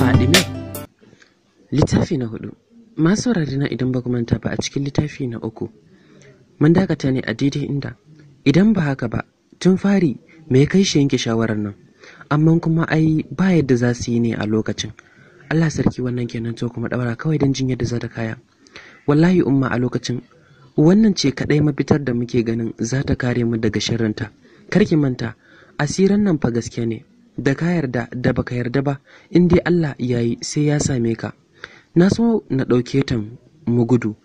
Fadime, littafi na hudu. Masu saurari na idan ba manta ba a cikin littafi na uku. Mun dakata ne a daidai inda. Idan ba haka ba, tun fari me ya kai shi yanke shawarar nan. Amma kuma ai ba yadda za su yi ne a lokacin. Allah sarki wannan kenan to kuma ɗaura kawai don jin yadda za ta kaya. Wallahi umma a lokacin wannan ce kaɗai mafitar da muke ganin za ta kare mu daga shirinta kar ki manta asirin nan fa gaske ne da ka yarda da baka yarda ba in dai Allah ya yi sai ya same ka na so na ɗauke ta mu gudu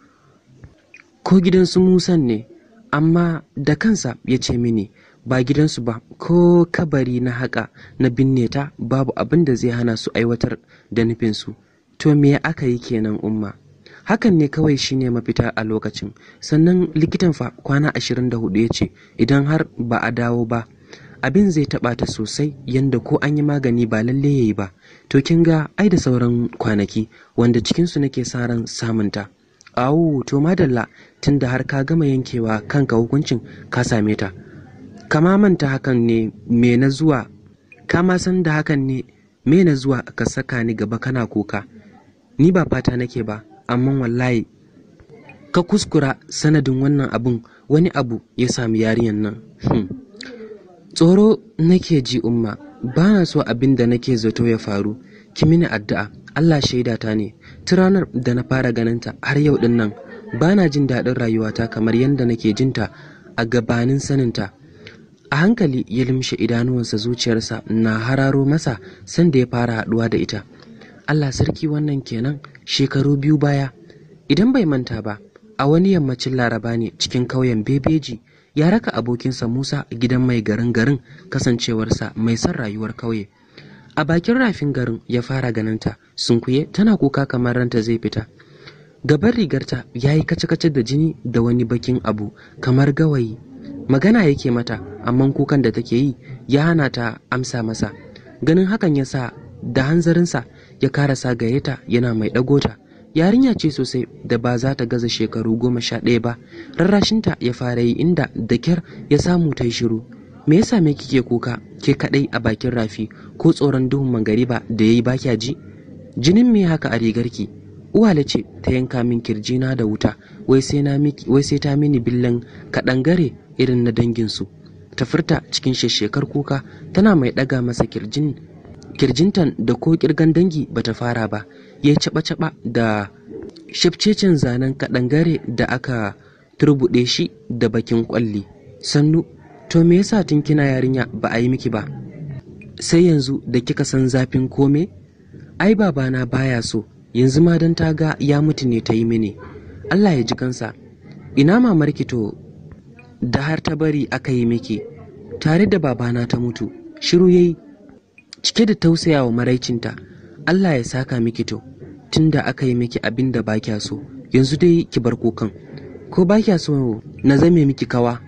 ko gidansu musan ne amma da kansa ya ce mini ba gidansu ba ko kabari na haƙa na binne ta babu abin da zai hana su aiwatar da nufinsu to me aka yi kenan umma hakan ne kawai shine mafita a lokacin sannan likitan fa kwana 24 ya ce idan har ba a dawo ba abin zai taɓa ta sosai yanda ko an yi magani ba lalle yayi ba to kin ga ai da sauran kwanaki wanda cikin su nake sa ran samunta awu to madalla tunda har ka gama yankewa kanka hukuncin ka same ta kama manta hakan ne me na zuwa kama san da hakan ne me na zuwa ka saka ni gaba kana kuka ni ba fata nake ba amma wallahi ka kuskura sanadin wannan abun wani abu ya sami yariyan nan hmm. tsoro nake ji umma ba na so abin da nake zato ya faru ki mini addu'a Allah shaidata ne turanar da na fara ganinta har yau din nan ba na jin daɗin rayuwata kamar yadda nake jinta a gabanin saninta a hankali ya limshe idanuwansa zuciyarsa na hararo masa sanda ya fara haɗuwa da ita Allah sarki wannan kenan shekaru biyu baya idan bai manta ba a wani yammacin laraba ne cikin kauyen bebeji ya raka abokinsa musa a gidan mai garin garin kasancewarsa mai son rayuwar kauye a bakin rafin garin ya fara ganinta sunkuye tana kuka kamar ranta zai fita gaban rigarta ya yi kace-kace da jini da wani bakin abu kamar gawayi magana yake mata amma kukan da take yi ya hana ta amsa masa ganin hakan ya sa da hanzarinsa ya karasa gayyata yana mai ɗago ta yarinya ce sosai da ba za ta gaza shekaru goma sha ɗaya ba rarrashinta ya fara yi inda da kyar ya samu ta yi shiru me yasa me kike kuka ke kaɗai a bakin rafi ko tsoron duhun mangariba da ya yi bakya ji jinin me haka a rigarki uwala ce ta yanka min kirjina da wuta wai sai ta mini billan kaɗangare irin na danginsu ta furta cikin shekar kuka tana mai ɗaga masa kirjin kirjintan da ko kirgan dangi bata fara ba ya caba-caba da shafcecen zanen kadangare da aka turbuɗe shi da bakin kwalli sannu to me yasa tun kina yarinya ba a yi miki ba sai yanzu da kika san zafin kome ai babana baya so yanzu ma don ta ga ya mutu ne ta yi mini allah ya ji kansa ina mamarki to da har ta bari aka yi miki tare da babana ta mutu shiru yayi cike da tausaya wa maraicinta Allah ya saka miki to tunda aka yi miki abin da bakya so yanzu dai ki bar kukan ko bakya so na zame miki kawa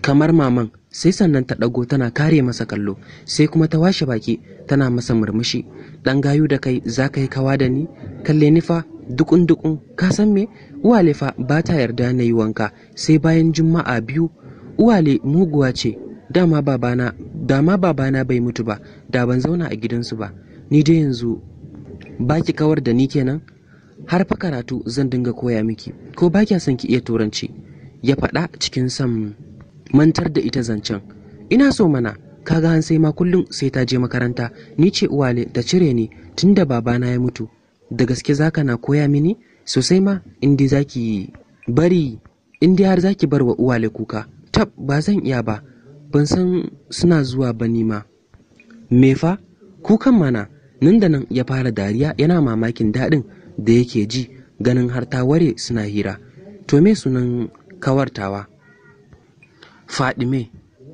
kamar maman sai sannan ta ɗago tana kare masa kallo sai kuma ta washe baki tana masa murmushi ɗan gayu da kai za ka yi kawa da ni kalle ni fa dukun dukun ka san me uwale fa ba ta yarda na yi wanka sai bayan juma'a biyu uwale muguwa ce dama babana dama babana bai mutu ba da ban zauna a gidansu ba ni dai yanzu baki kawar da ni kenan har fa karatu zan dinga koya miki ko ba kya son ki iya turanci ya faɗa cikin son mantar da ita zancen ina so mana kaga han sai ma kullum sai ta je makaranta ni ce uwale ta cire ni tunda babana ya mutu da gaske zaka na koya mini sosai ma indi zaki bari indi har zaki bar wa uwale kuka tab ba zan iya ba ban san suna zuwa ba ni ma me fa kukan mana nan da nan ya fara dariya yana mamakin daɗin da yake ji ganin har ta ware suna hira to me sunan kawartawa me,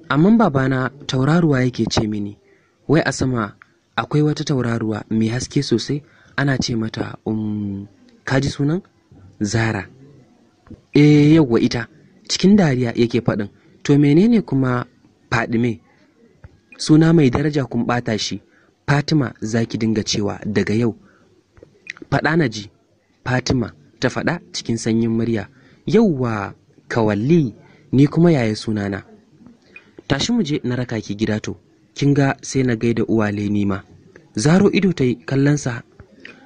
amma babana tauraruwa yake ce mini wai a sama akwai wata tauraruwa mai haske sosai ana ce mata um, kaji sunan zara e eh, yawwa ita cikin dariya yake faɗin to menene kuma Fadime suna mai daraja kun bata shi Fatima za ki dinga cewa daga yau faɗa na ji Fatima ta faɗa cikin sanyin murya yauwa kawalli ni kuma yaya sunana tashi mu je na raka ki gida to kin ga sai na gaida uwale ni ma zaro ido ta yi kallonsa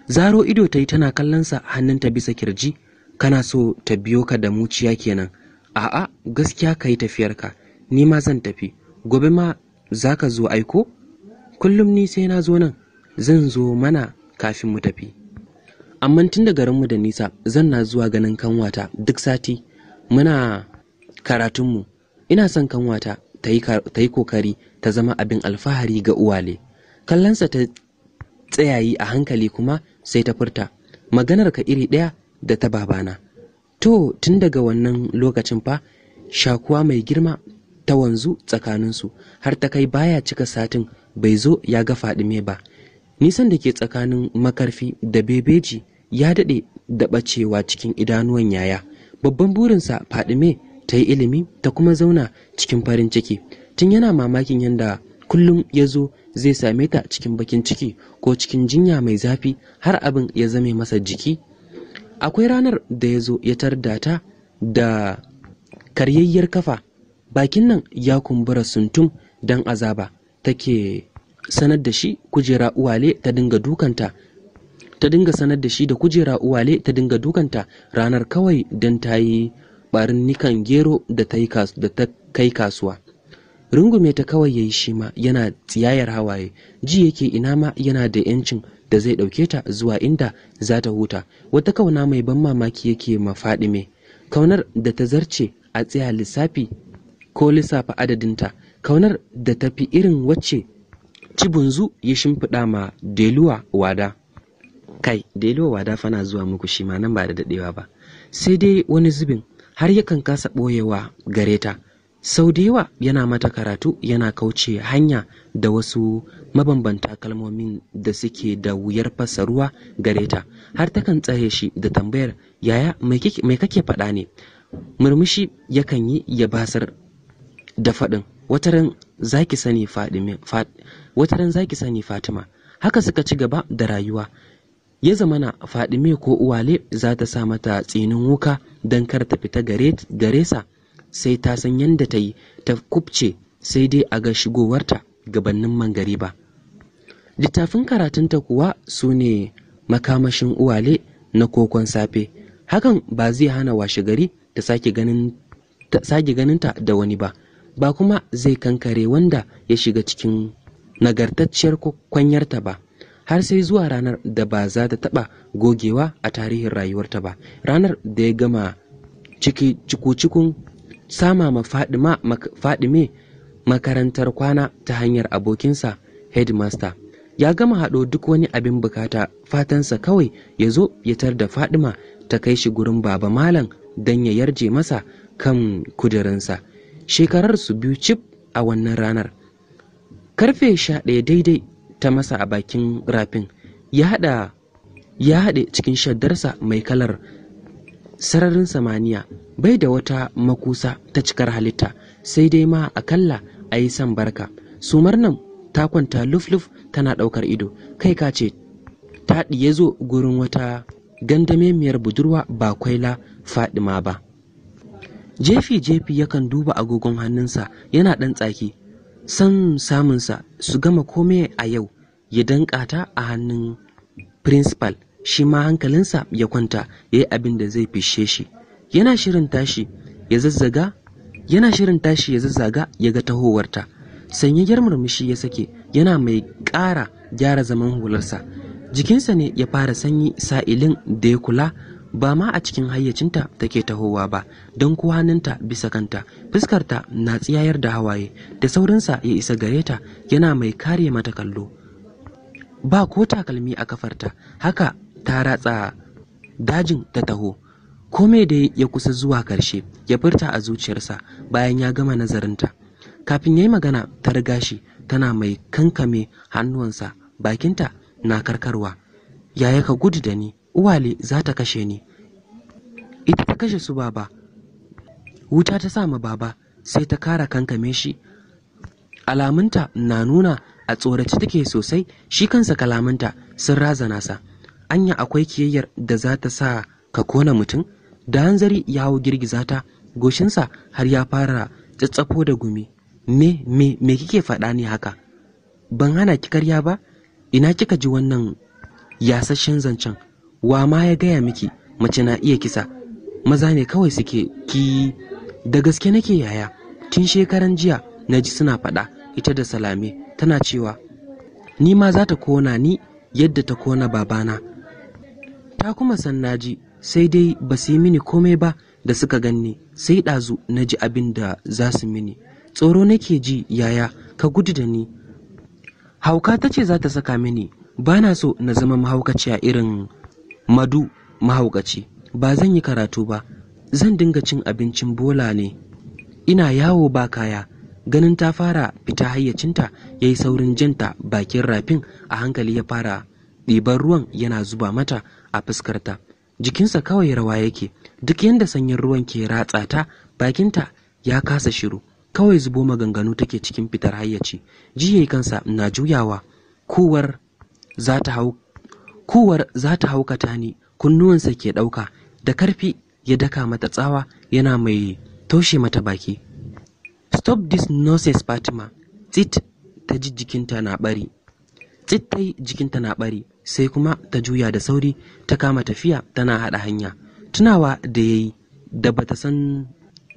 zaro ido ta yi tana kallonsa hannunta bisa kirji kana so ta biyo ka da muciya kenan a'a gaskiya ka yi tafiyarka ni ma zan tafi gobe ma za ka zo aiko kullum ni sai na zo nan zan zo mana kafin mu tafi amma tun da garinmu da nisa zan na zuwa ganin kanwata duk sati muna karatunmu ina son kanwata ta yi kokari ta zama abin alfahari ga uwale kallonsa ta tsayayi a hankali kuma sai ta furta maganar ka iri ɗaya da ta babana to tun daga wannan lokacin fa shakuwa mai girma ta wanzu tsakaninsu har ta kai baya cika satin bai zo ya ga fadime ba nisan da ke tsakanin makarfi da bebeji ya daɗe da ɓacewa cikin idanuwan yaya babban burinsa fadime ta yi ilimi ta kuma zauna cikin farin ciki tun yana mamakin yadda kullum ya zo zai same ta cikin bakin ciki ko cikin jinya mai zafi har abin ya zame masa jiki akwai ranar da ya zo ya tarda ta da karyayyar kafa bakin nan ya kumbura suntum don azaba take sanar da shi kujera uwale ta dinga dukanta ta dinga sanar da shi da kujera uwale ta dinga dukanta ranar kawai don ta yi barin nikan gero da ta kai kasuwa rungume ta kawai ya yi shi ma yana tsiyayar hawaye ji yake ina ma yana da yancin da zai ɗauke ta zuwa inda za ta huta wata kauna mai ban mamaki yake mafaɗime kaunar da ta zarce a tsaya lissafi ko lissafa adadinta kaunar da ta fi irin wacce cibunzu ya shimfiɗa ma deluwa wada kai deluwa wada fana zuwa muku shi ma nan ba da daɗewa ba sai dai wani zubin har yakan kasa ɓoyewa gare ta sau da yawa yana mata karatu yana kauce hanya da wasu mabambanta kalmomin da suke da wuyar fasaruwa gare ta har takan tsare shi da tambayar yaya mai kake faɗa ne murmushi yakan yi ya basar da faɗin wataran zaki sani wataran sani fatima haka suka ci gaba da rayuwa ya zamana fadime ko uwale za ta sa mata tsinin wuka don kar ta fita gare sa sai ta san yadda ta yi ta kubce sai dai a ga shigowarta gabanin ba. littafin karatunta kuwa su ne makamashin uwale na kokon safe hakan ba zai hana washe gari ta sake ganin ta da wani ba ba kuma zai kankare wanda ya shiga cikin nagartacciyar kwanyarta ba har sai zuwa ranar da ba za ta taɓa gogewa a tarihin rayuwarta ba ranar da ya gama ciki cikun sama ma fadime makarantar kwana ta hanyar abokinsa headmaster ya gama haɗo duk wani abin bukata fatansa kawai ya zo ya tar da fadima ta kai shi gurin baba malam don ya yarje masa kan kudurinsa. shekarar su biyu cip a wannan ranar karfe sha ɗaya daidai ta masa a bakin rafin ya haɗa haɗe cikin shaddarsa mai kalar sararin samaniya bai da wata makusa ta cikar halitta sai dai ma akalla a yi san barka sumar nan ta kwanta luf-luf tana ɗaukar ido kai ka ce ta ɗiye zo gurin wata gandamemiyar budurwa ba kwaila fadima ba jefi-jefi yakan duba agogon hannunsa yana ɗan tsaki san samunsa su gama komai a yau ya danƙata a hannun principal shi ma hankalinsa ya kwanta ya yi abin da zai fishe shi yana shirin tashi ya zazzaga yana shirin tashi ya zazzaga ya ga tahowarta sanyayyar murmushi ya sake yana mai ƙara gyara zaman hularsa jikinsa ne ya fara sanyi sa'ilin da ya kula ba ma a cikin hayyacinta take tahowa ba don kuwaninta bisa kanta fuskarta na tsiyayar da hawaye da saurinsa ya isa gareta yana mai kare mata kallo ba ko takalmi a kafarta haka ta ratsa dajin ta taho kome da ya kusa zuwa karshe ya furta a zuciyarsa bayan ya gama nazarinta kafin ya yi magana ta riga shi tana mai kankame hannuwansa bakinta na karkarwa yaya ka gudu da ni Uwale za ta kashe ni. Ita ta kashe su baba. Wuta ta sa ma baba sai ta kara kankame shi. Alamunta na nuna a tsorace take sosai shi kansa kalamunta sun razana sa. Anya akwai kiyayyar da za ta sa ka kona mutum? Da hanzari ya hau girgiza ta goshinsa har ya fara tsatsafo da gumi. Me, me, me kike faɗa ne haka? Ban hana ki karya ba? Ina kika ji wannan yasashen zancen? wa ma ya gaya miki mace na iya kisa maza ne kawai suke ki da gaske nake yaya tun shekaran jiya na ji suna faɗa ita da salame tana cewa ni ma za ta kona ni yadda ta kona babana ta kuma san naji sai dai ba su yi mini komai ba da suka ganni sai ɗazu na ji abin da za su mini tsoro nake ji yaya ka gudu da ni hauka ta ce za ta saka mini ba na so na zama mahaukaciya irin Madu mahaukaci ba zan yi karatu ba zan dinga cin abincin bola ne ina yawo ba kaya ganin ta fara fita hayyacinta ya yi saurin janta bakin rafin a hankali ya fara ɗiban ruwan yana zuba mata a fuskarta jikinsa kawai rawa yake duk yadda sanyin ruwan ke ratsa ta bakinta ya kasa shiru kawai zubo maganganu take cikin fitar hayyaci jiye kansa na juyawa kowar za ta hau kuwar za ta haukata ni kunnuwansa ke ɗauka da karfi ya daka mata tsawa yana mai taushe mata baki stop this nonsense fatima tsit ta ji jikinta na bari tsit ta yi jikinta na bari sai kuma ta juya da sauri ta kama tafiya tana haɗa hanya tunawa da ya yi da bata san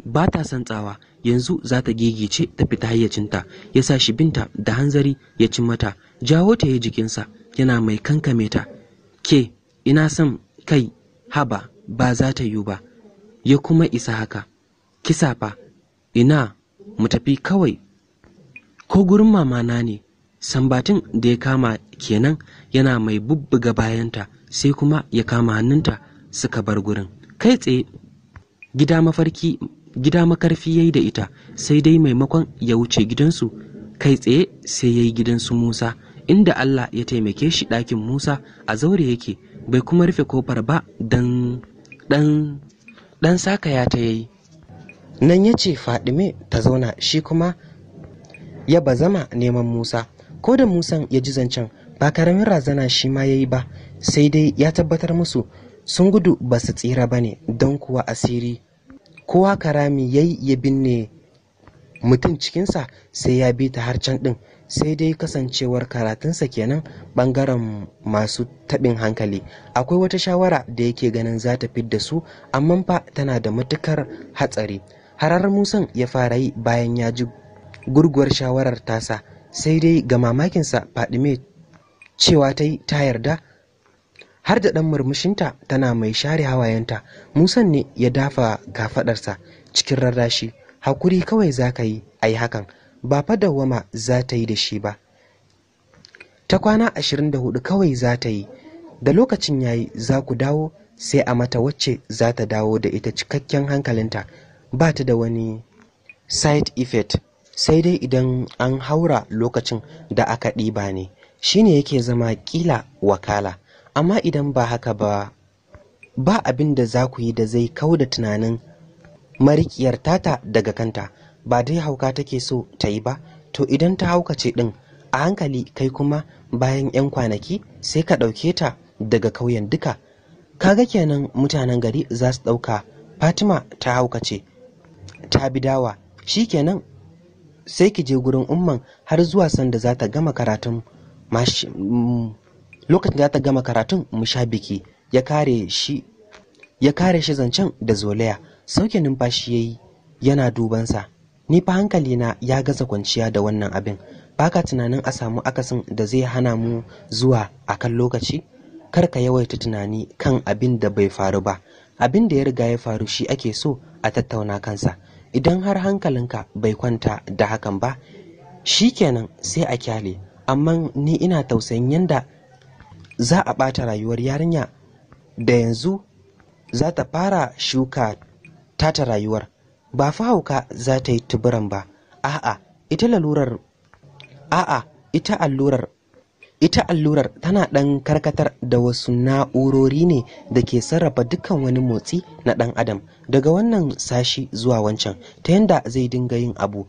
ba ta san tsawa yanzu za ta gigice ta fita hayyacinta ya sa shi binta da hanzari ya ci mata jawo ta yi jikinsa yana mai kankame ta ke ina son kai haba ba za ta yiwu ba ya kuma isa haka kisa fa ina mu tafi kawai ko gurin mamana ne sambatin da ya kama kenan yana mai bubbuga bayanta sai kuma ya kama hannunta suka bar gurin kai tsaye gida mafarki gida makarfi ya da ita sai dai maimakon ya wuce gidansu kai tsaye sai ya yi gidansu musa inda Allah ya taimake shi ɗakin Musa a zaure yake bai kuma rufe kofar ba dan dan saka ya ta yayi nan ya ce Fadime ta zauna shi kuma ya ba zama neman Musa ko da Musan ya ji zancen ba karamin razana shi ma yayi ba sai dai ya tabbatar musu sun gudu ba su tsira ba ne don kuwa asiri kowa karami yayi ya binne mutum cikinsa sai ya bi ta har can ɗin sai dai kasancewar karatunsa kenan bangaren masu taɓin hankali akwai wata shawara da yake ganin za ta fidda su amma fa tana da matukar hatsari harar musan ya fara yi bayan ya ji gurguwar shawarar tasa sai dai ga mamakinsa fadime cewa ta yi ta yarda har da ɗan murmushinta tana mai share hawayenta musan ne ya dafa kafaɗarsa cikin rarrashi hakuri kawai za ka yi a yi hakan ba fa dawwama za ta yi da shi ba ta kwana 24 kawai za ta yi da lokacin yayi za ku dawo sai a mata wacce za ta dawo da ita cikakken hankalinta ba ta da wani side effect sai dai idan an haura lokacin da aka ɗiba ne shi ne yake zama ƙila wakala amma idan ba haka ba ba abin da za ku yi da zai kau da tunanin marikiyar tata daga kanta ba dai hauka take so ta yi ba to idan ta haukace ɗin a hankali kai kuma bayan 'yan kwanaki sai ka ɗauke ta daga ƙauyen duka kaga kenan mutanen gari za su ɗauka fatima ta haukace ta bi dawa shi kenan sai ki je gurin umman har zuwa sanda za ta gama karatun mm, lokacin da ta gama karatun mu sha biki ya kare shi zancen da zolaya sauke numfashi yayi yana dubansa ni fa hankalina ya gaza kwanciya da wannan abin baka tunanin a samu akasin da zai hana mu zuwa a kan lokaci kar ka yawaita tunani kan abin da bai faru ba abin da ya riga ya faru shi ake so a tattauna kansa idan har hankalinka bai kwanta da hakan ba shi kenan sai a kyale amma ni ina tausayin yadda za a ɓata rayuwar yarinya da yanzu za ta fara shuka tata rayuwar ba fa hauka za ta yi tuburan ba a'a ita lalurar a'a ita allurar ita allurar tana ɗan karkatar da wasu na'urori ne da ke sarrafa dukkan wani motsi na ɗan adam daga wannan sashi zuwa wancan ta yadda zai dinga yin abu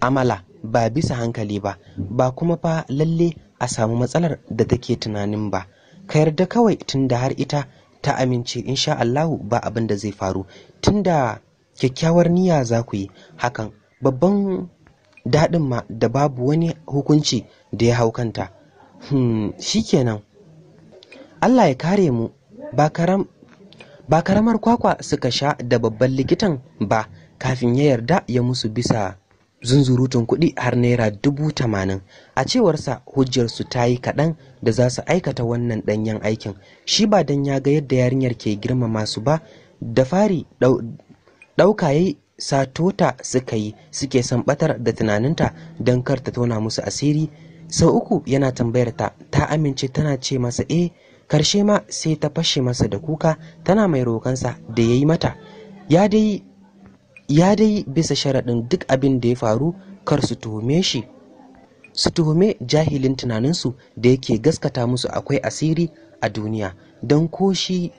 amala ba bisa hankali ba ba kuma fa lalle a samu matsalar da take tunanin ba ka yarda kawai tunda har ita ta amince insha Allahu ba abin da zai faru tunda kyakkyawar niyya za ku yi hakan babban daɗin ma da babu wani hukunci da ya hau kanta hmm, shikenan Allah ya kare mu ba karam ba karamar kwakwa suka sha da babban likitan ba kafin ya yarda ya musu bisa zunzurutun kuɗi har naira dubu tamanin a cewarsa hujjarsu ta yi kaɗan da za su aikata wannan ɗanyen aikin shi ba don ya ga yadda yarinyar ke girmama su ba da fari ɗauka sato satota suka yi suke son batar da tunaninta don kar ta tona musu asiri sau uku yana tambayar ta ta amince tana ce masa eh karshe ma sai ta fashe masa da kuka tana mai rokansa da ya yi mata ya dai bisa sharaɗin duk abin da ya faru kar su tuhume shi su tuhume jahilin tunaninsu da yake gaskata musu akwai asiri a duniya don ko shi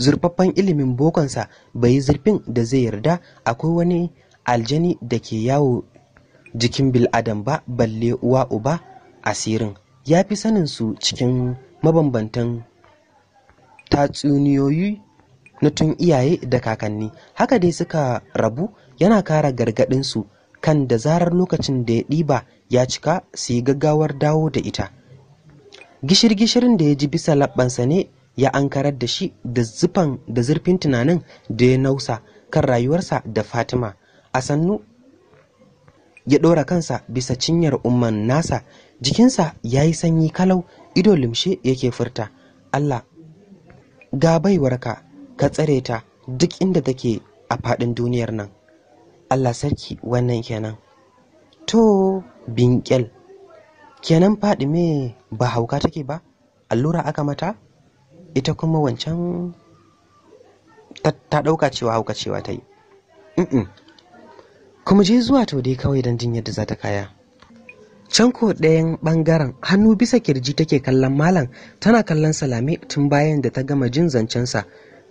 zurfaffen ilimin bokonsa bai yi zurfin da zai yarda akwai wani aljani da ke yawo jikin bil'adam ba balle uwa uba asirin ya fi sanin su cikin mabambantan tatsuniyoyi na tun iyaye da kakanni haka dai suka rabu yana kara gargaɗinsu kan da zarar lokacin da ya ɗiba ya cika su yi gaggawar dawo da ita gishir-gishirin da ya ji bisa labbansa ne ya ankarar da shi da zufan da zurfin tunanin da ya nausa kan rayuwarsa da Fatima a sannu ya ɗora kansa bisa cinyar umman nasa jikinsa ya yi sanyi kalau ido limshe yake furta Allah ga baiwarka ka tsare ta duk inda take a faɗin duniyar nan Allah sarki wannan kenan to binkel kenan faɗi me ba hauka take ba allura aka mata ita kuma wancan ta ɗauka cewa hauka cewa ta yi kuma je zuwa to dai kawai don jin yadda za ta kaya can ko ɗayan ɓangaren hannu bisa kirji take kallon malam tana kallon salame tun bayan da ta gama jin zancensa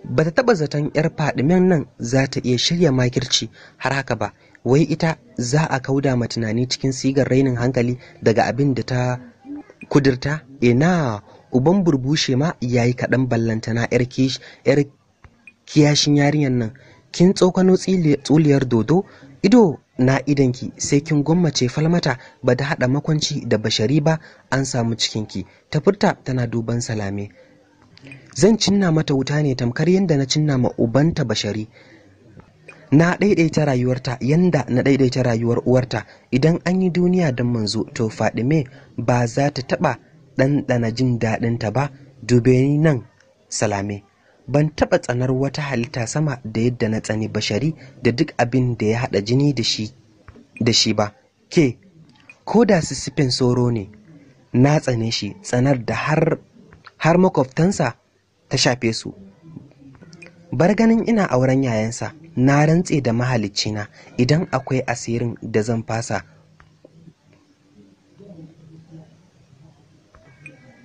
ba ta taɓa zaton 'yar faɗimen nan za ta iya shirya makirci har haka ba wai ita za a kauda ma tunani cikin sigar rainin hankali daga abin da ta kudirta ina uban burbushe ma ya yi kaɗan ballanta na yar kiyashin yarinyar nan kin tsokano tsuliyar dodo ido na idanki sai kin gwammace falmata ba da haɗa makwanci da bashari ba an samu cikinki ta furta tana duban salame zan cinna mata wuta ne tamkar yadda na cinna ma ubanta bashari na daidaita rayuwarta yanda na ɗaiɗaita rayuwar uwarta idan an yi duniya don manzo to faɗi me ba za ta taɓa. ɗanɗana jin daɗinta ba dube ni nan salame ban taɓa tsanar wata halitta sama da yadda na tsani bashari da duk abin da ya haɗa jini da shi ba ke ko da sissifin soro ne na tsane shi tsanar da har har makwabtansa ta shafe su bar ganin ina auren yayansa na rantse da mahaliccina idan akwai asirin da zan fasa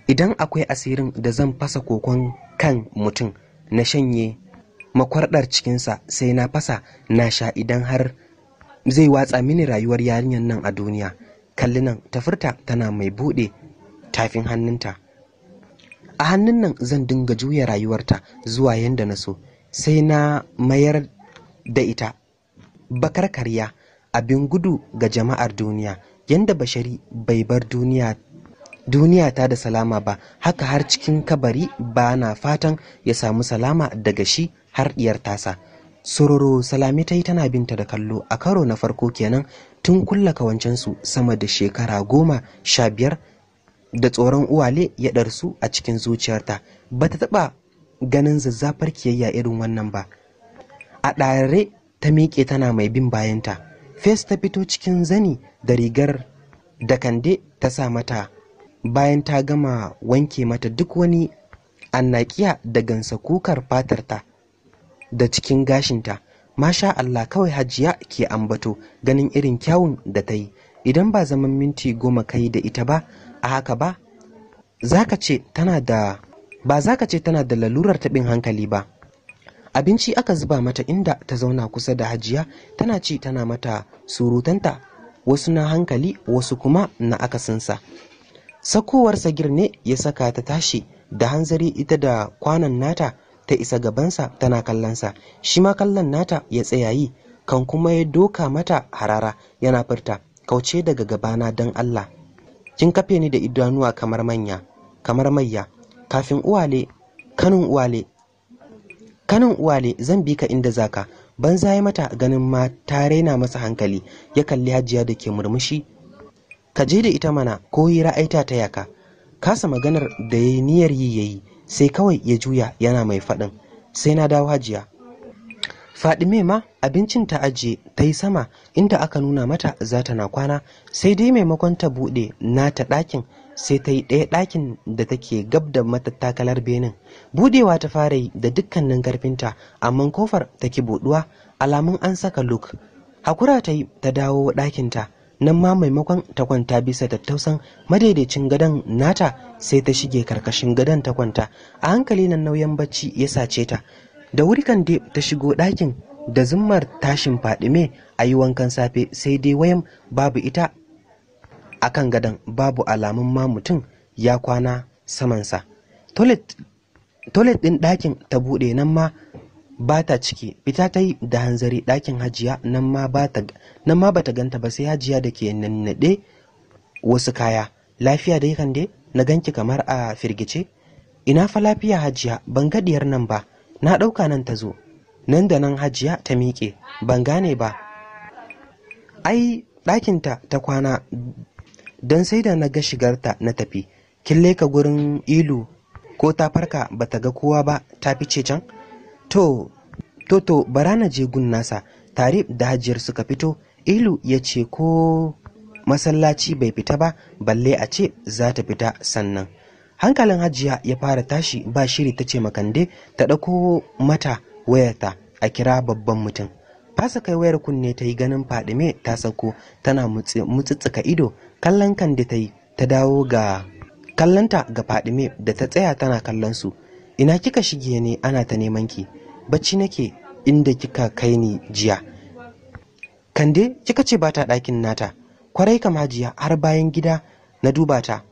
idan akwai asirin da zan fasa kokon kan mutum na shanye makwarɗar cikinsa sai na fasa na sha idan har zai watsa mini rayuwar yarinyar nan a duniya kalli nan tafurta tana mai buɗe tafin hannunta a hannun nan zan dinga juya rayuwarta zuwa yadda na so sai na mayar da ita bakar karya abin gudu ga jama'ar duniya yadda bashari bai bar duniya Duniya ta da salama ba haka har cikin kabari ba na fatan ya samu salama daga shi har diyar tasa sororo salami ta yi tana binta da kallo a karo na farko kenan tun kulla kawancensu sama da shekara goma sha biyar da tsoron uwale ya ɗarsu a cikin zuciyarta ba ta taɓa ganin zazzafar kiyayya irin wannan ba a ɗarare ta miƙe tana mai bin bayanta fes ta fito cikin zani da rigar da kande ta sa mata bayan ta gama wanke mata duk wani annaƙiya da gansa kukar fatarta da cikin gashinta masha Allah kawai hajiya ke ambato ganin irin kyawun da ta yi idan ba zaman minti goma ka da ita ba a haka ba zaka ce tana da ba za ka ce tana da lalurar taɓin hankali ba abinci aka zuba mata inda ta zauna kusa da hajiya tana ci tana mata surutanta wasu na hankali wasu kuma na akasinsa sakowarsa girne ya saka ta tashi da hanzari ita da kwanon nata ta isa gabansa tana kallonsa shi ma kallon nata ya tsaya yi kan kuma ya doka mata harara yana furta kauce daga gabana don Allah kin kafe ni da idanuwa kamar manya kamar mayya kafin uwale kanin uwale kanin uwale zan bi ka inda zaka banza ya mata ganin ma ta raina masa hankali ya kalli hajiya da ke murmushi ka je da ita mana ko yi ra'aita ta yaka kasa maganar da yayi niyyar yi yayi sai kawai ya juya yana mai faɗin sai na dawo hajiya Fadime ma abincin ta ajiye ta yi sama inda aka nuna mata za ta na kwana sai dai maimakon ta buɗe nata ɗakin sai ta yi ɗaya ɗakin da take gab da matattakalar benin buɗewa ta fara yi da dukkanin karfinta amma kofar ta ki buɗuwa alamun an saka luk hakura ta yi ta dawo ɗakinta nan ma maimakon ta kwanta bisa tattausan madaidaicin gadon nata sai ta shige karkashin gadon ta kwanta a hankali nan nauyin bacci ya sace ta da wuri kan dai ta shigo ɗakin da zummar tashin fadime a yi wankan safe sai dai wayan babu ita a kan gadon babu alamun ma mutum ya kwana samansa toilet ɗin ɗakin ta buɗe nan ma ba ta ciki fita ta yi da hanzari ɗakin hajiya nan ma ba ta ganta ba sai hajiya da ke nannaɗe wasu kaya lafiya dai kan dai na ganki kamar a firgice ina fa lafiya hajiya ban ɗiyar nan ba na ɗauka nan ta zo nan da nan hajiya ta miƙe ban gane ba ai ɗakinta ta kwana don sai da na ga shigarta na tafi kin leka gurin ilu ko ta farka ba ta ga kowa ba ta fice can to to bara na je gun nasa tare da hajiyar suka fito ilu ya ce ko masallaci bai fita ba balle a ce za ta fita sannan hankalin hajiya ya fara tashi ba shiri ta ce makande ta ɗauko mata wayarta a kira babban mutum fasa kai wayar kunne ta yi ganin fadime ta sauko tana mutsutsuka ido kallon kan da ta yi ta dawo ga kallonta ga fadime da ta tsaya tana kallon su ina kika shige ne ana ta neman ki bacci nake inda kika kai ni jiya kande kika ce bata ɗakin nata kwarai kama jiya, har bayan gida na duba ta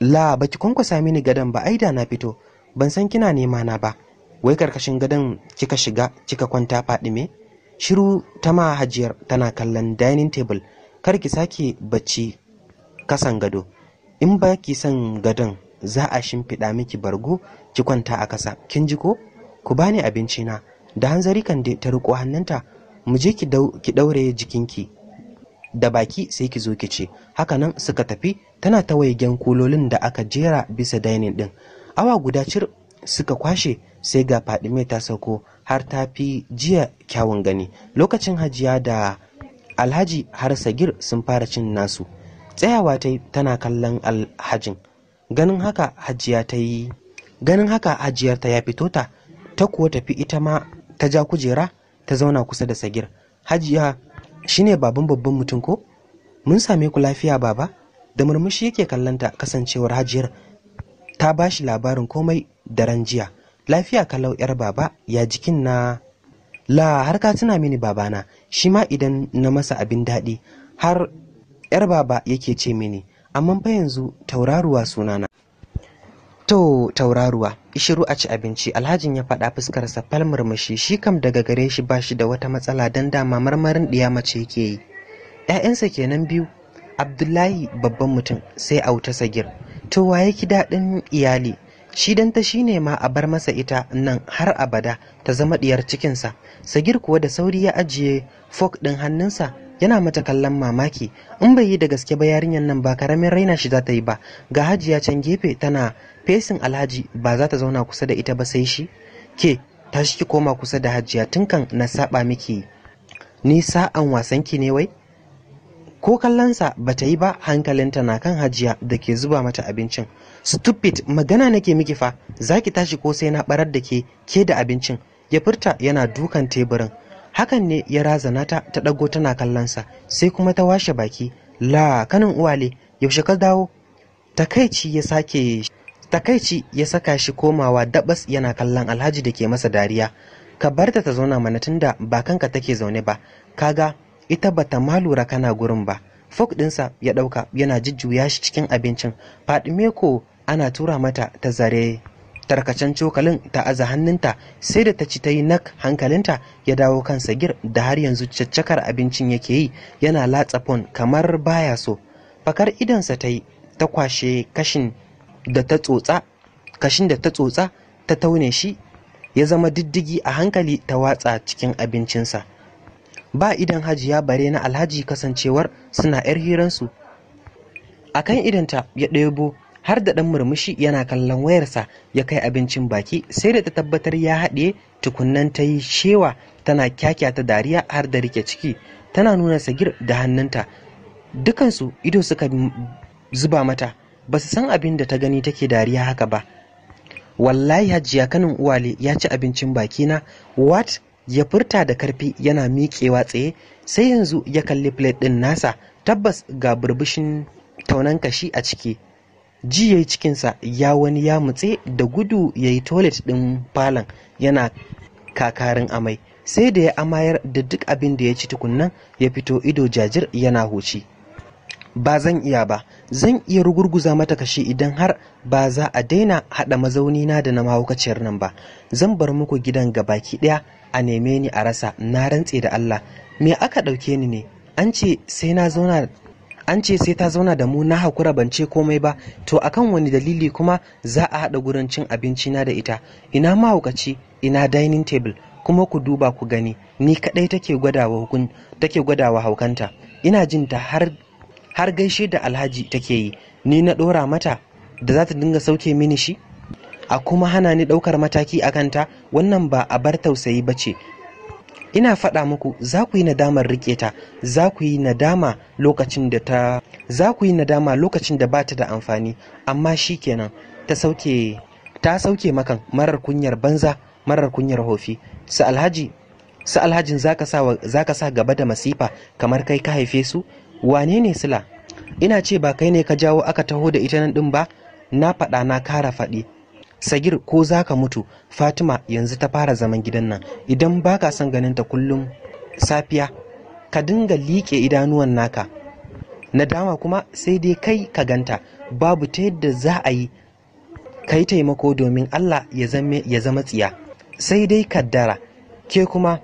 la baki kwankwasa mini gadon ba aida na fito ban san kina nema na ba wai karkashin gadon kika shiga kika kwanta faɗi me shiru ta ma hajiyar tana kallon dining table kar ki sake bacci kasan gado in ba ki son gadon za a shimfiɗa miki bargo ki kwanta a ƙasa, kin ji ko ku bani abinci na da hanzari kan ta riko hannunta mu je ki daure jikinki da baki sai ki zo ki ce nan suka tafi tana ta waigen kulolin da aka jera bisa dainin din awa guda cir suka kwashe sai ga fadime ta sauko har ta fi jiya kyawun gani lokacin hajiya da alhaji har sagir sun fara cin nasu tsayawa ta tana kallon alhajin ganin haka hajiya ta yi ganin haka ajiyarta ya fito ta ta kuwa tafi ita ma ta ja kujera ta zauna kusa da sagir hajiya shine baban babban mutum ko mun same ku lafiya baba da murmushi yake kallanta kasancewar hajiyar ta ba shi labarin komai da ran jiya lafiya kalau yar baba ya jikin na la har ka tuna mini babana shi ma idan na masa abin daɗi har yar baba yake ce mini amma fa yanzu tauraruwa sunana To tauraruwa, ishiru a ci abinci, alhajin ya faɗa fuskarsa fal murmushi shi kam daga gare shi ba shi da wata matsala don dama marmarin ɗiya mace yake yi. ‘Ya'yansa kenan biyu, Abdullahi babban mutum sai auta sagir. To waye ki daɗin iyali, shi dan shi ne ma a bar masa ita nan har abada ta zama ɗiyar cikinsa. Sagir kuwa da sauri ya ajiye fok ɗin hannunsa yana mata kallon mamaki in bai yi da gaske ba yarinyar nan ba karamin raina shi za ta yi ba ga hajiya can gefe tana fesin alhaji ba za ta zauna kusa da ita ba sai shi ke tashi ki koma kusa da hajiya tun kan na saba miki ni sa'an wasanki ne wai ko kallonsa ba ta yi ba hankalinta na kan hajiya da ke zuba mata abincin stupid magana nake miki fa za ki tashi ko sai na barar da ke ke da abincin ya furta yana dukan teburin hakan ne ya razana ta ta ɗago tana kallonsa sai kuma ta washe baki la kanin uwale yaushe ka dawo takaici ya sake saka shi komawa dabas yana kallon alhaji da ke masa dariya ka barta ta zauna mana tunda ba kanka take zaune ba kaga ita bata ma lura kana gurin ba fok ɗinsa ya ɗauka yana jujjuya shi cikin abincin fadime ko ana tura mata ta zare tarkacen cokalin ta aza hannunta sai da ta ci ta yi nak hankalinta ya dawo kansa gir da har yanzu caccakar abincin yake yi yana latsa fon kamar baya so fakar idansa ta yi ta kwashe kashin da ta tsotsa ta taune shi ya zama diddigi a hankali ta watsa cikin abincinsa ba idan haji ya bare na alhaji kasancewar suna 'yar hiransu Akan kan idanta ya ɗebo har da ɗan murmushi yana kallon wayarsa ya kai abincin baki sai da ta tabbatar ya haɗe tukunnan ta yi shewa tana kyakyata dariya har da rike ciki tana nuna sagir da hannunta dukansu ido suka zuba mata ba su san abin da ta gani take dariya haka ba wallahi hajiya kanin uwale ya ci abincin baki na, Wat ya furta da karfi yana miƙewa tsaye sai yanzu ya kalli plate ɗin nasa tabbas ga burbushin taunan kashi a ciki ji yayi cikinsa ya wani ya mutse da gudu ya yi toilet ɗin falon yana kakarin amai sai da ya amayar da duk abin da ya ci tukunnan ya fito ido jajir yana huci ba zan iya ba zan iya rugurguza mata kashi idan har ba za a daina haɗa mazaunina da na mahaukaciyar nan ba zan bar muku gidan ga baki ɗaya a neme ni a rasa na rantse da Allah me aka ɗauke ni ne an ce sai na zauna an ce sai ta zauna da mu na hakura ban ce komai ba to akan wani dalili kuma za a haɗa gurin cin abinci na da ita ina mahaukaci ina dining table kuma ku duba ku gani ni kadai take gwadawa hukun take gwadawa haukanta ina jin ta har har gaishe da alhaji take yi ni na dora mata da za ta dinga sauke mini shi a kuma hana ni ɗaukar mataki a kanta wannan ba a bar tausayi ba ce ina faɗa muku za ku yi nadamar rike ta za ku yi nadama lokacin da ta za ku yi nadama lokacin da bata da amfani amma shi kenan ta sauke ta sauke makan marar kunyar banza marar kunyar hofi su alhaji su alhajin zaka sa gaba da masifa kamar kai ka haife su wane ne sila ina ce ba kai ne ka jawo aka taho da ita nan din ba na faɗa na kara faɗi Sagir ko za ka mutu Fatima yanzu ta fara zaman gidan nan idan ba ka son ganin ta kullum safiya ka dinga liƙe idanuwan naka na dama kuma sai dai kai ka ganta babu ta yadda za a yi ka yi taimako domin Allah ya zama tsiya sai dai kaddara ke kuma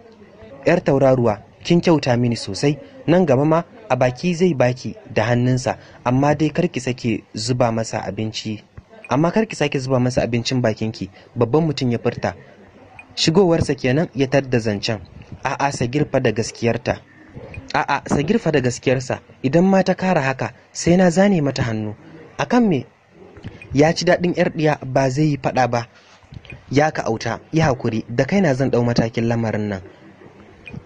'yar tauraruwa kin kyauta mini sosai nan gaba ma a baki zai baki da hannunsa amma dai kar ki sake zuba masa abinci amma kar ki sake zuba masa abincin bakin ki babban mutum ya furta shigowarsa kenan ya tar da zancen a'a sagirfa da gaskiyarta a'a sagirfa da gaskiyarsa idan ma ta kara haka sai na zane mata hannu akan me ya ci daɗin yar ɗiya ba zai yi faɗa ba ya ka auta ya hakuri da kai na zan ɗau matakin lamarin nan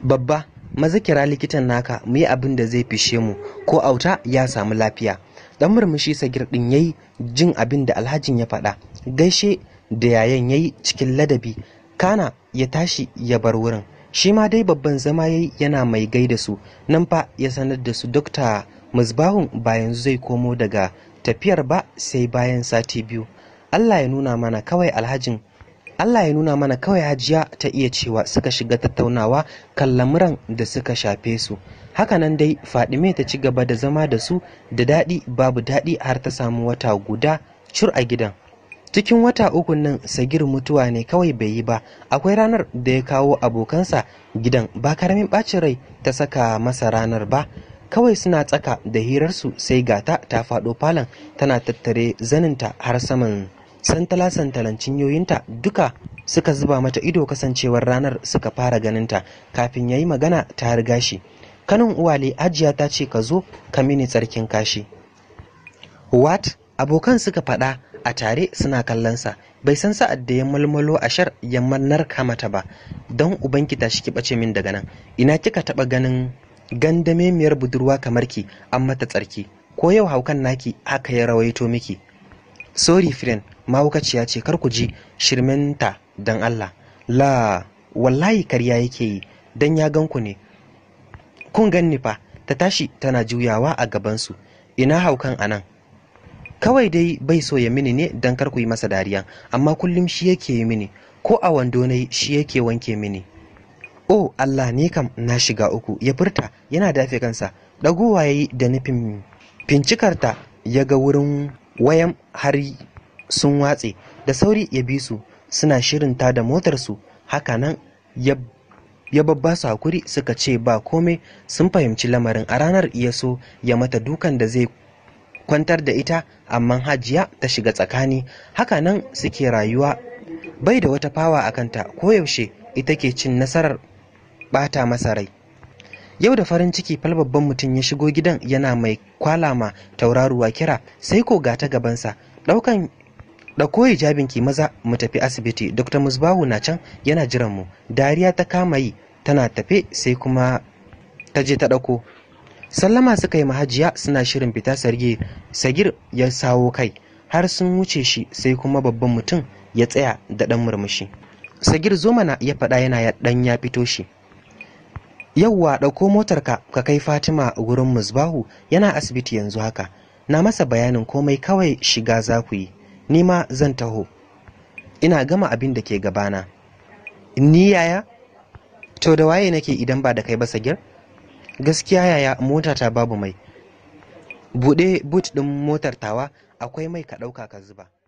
babba maza kira likitan naka mu yi abin da zai fishe mu ko auta ya samu lafiya dan murmushi sagir din yayi jin abin da alhajin ya faɗa gaishe da yayan yayi cikin ladabi kana ya tashi ya bar wurin shi ma dai babban zama yayi yana mai gaida su nan fa ya sanar da su dokta musbahun ba yanzu zai komo daga tafiyar ba sai bayan sati biyu Allah ya nuna mana kawai alhajin Allah ya nuna mana kawai hajiya ta iya cewa suka shiga tattaunawa kan lamuran da suka shafe su hakanan dai fadime ta ci gaba da zama da su da daɗi babu daɗi har ta samu wata guda cur a gidan cikin wata uku nan sagir mutuwa ne kawai bai yi ba akwai ranar da ya kawo abokansa gidan ba karamin ɓacin rai ta saka masa ranar ba kawai suna tsaka da hirarsu sai gata ta faɗo falon tana tattare zaninta har saman santala santalan cinyoyinta duka suka zuba mata ido kasancewar ranar suka fara ganinta kafin ya yi magana ta riga shi kanin uwale ajiya ta ce ka zo ka mini tsarkin kashi wat abokan suka faɗa a tare suna kallon sa. bai san sa'ad da ya malmalo a shar ya narka mata ba don ubanki ta shi kiɓace min daga nan ina kika taɓa ganin miyar budurwa kamar ki amma ta tsarki ko yau haukan naki haka ya rawaito miki sorry friend mahaukaciya ce kar ku ji shirminta don Allah la wallahi karya yake yi don ya gan ku ne kun ganni fa ta tashi tana juyawa a gabansu ina haukan anan kawai dai bai so ya mini ne don kar ku yi masa dariya amma kullum shi yake yi mini ko a wando na shi yake wanke mini oh Allah ne kam na shiga uku ya furta yana dafe kansa ya yi da nufin fincikarta ya ga wurin wayan har sun watse da sauri ya bi su suna shirin da motarsu hakanan ya ya babba su hakuri suka ce ba komai sun fahimci lamarin a ranar iya so ya mata dukan da zai kwantar da ita amma hajiya ta shiga tsakani hakanan suke rayuwa bai da wata fawa a kanta koyaushe ita ke cin nasarar bata masa rai yau da farin ciki fal babban mutum ya shigo gidan yana mai kwalama tauraruwa kira sai ko ga ta gabansa daukan ɗauko hijabin ki maza mu tafi asibiti dr musbahu na can yana jiran mu dariya ta kama yi tana tafe sai kuma ta je ta ɗauko sallama suka yi mahajiya suna shirin fita sarge sagir ya sawo kai har sun wuce shi sai kuma babban mutum ya tsaya da ɗan murmushi sagir zomana ya faɗa yana ɗan ya fito shi yauwa ɗauko motarka ka kai fatima gurin musbahu yana asibiti yanzu haka na masa bayanin komai kawai shiga za ku yi ni ma zan taho ina gama abin da ke gabana ni yaya to da waye nake idan ba da kai ba sagir gaskiya yaya mota ta babu mai buɗe but ɗin motar tawa akwai mai ka ɗauka ka zuba